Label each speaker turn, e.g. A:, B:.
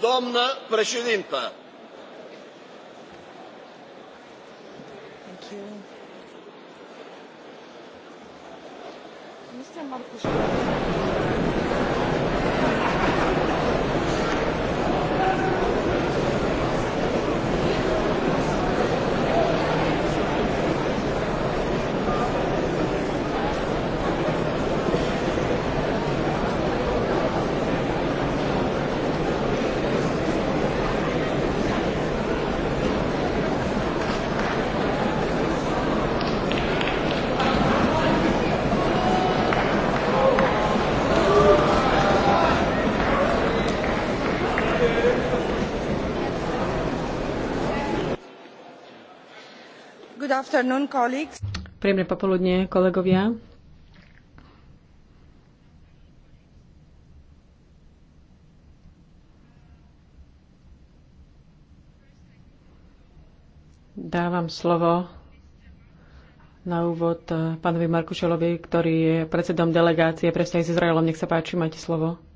A: Doamnă președintă!
B: Mr. Marcus.
C: Príjemné popoludne, kolegovia.
D: Dávam slovo na úvod eh, pánovi Markušelovi, ktorý je predsedom delegácie pre vzťahy s Izraelom. Nech sa páči, máte slovo.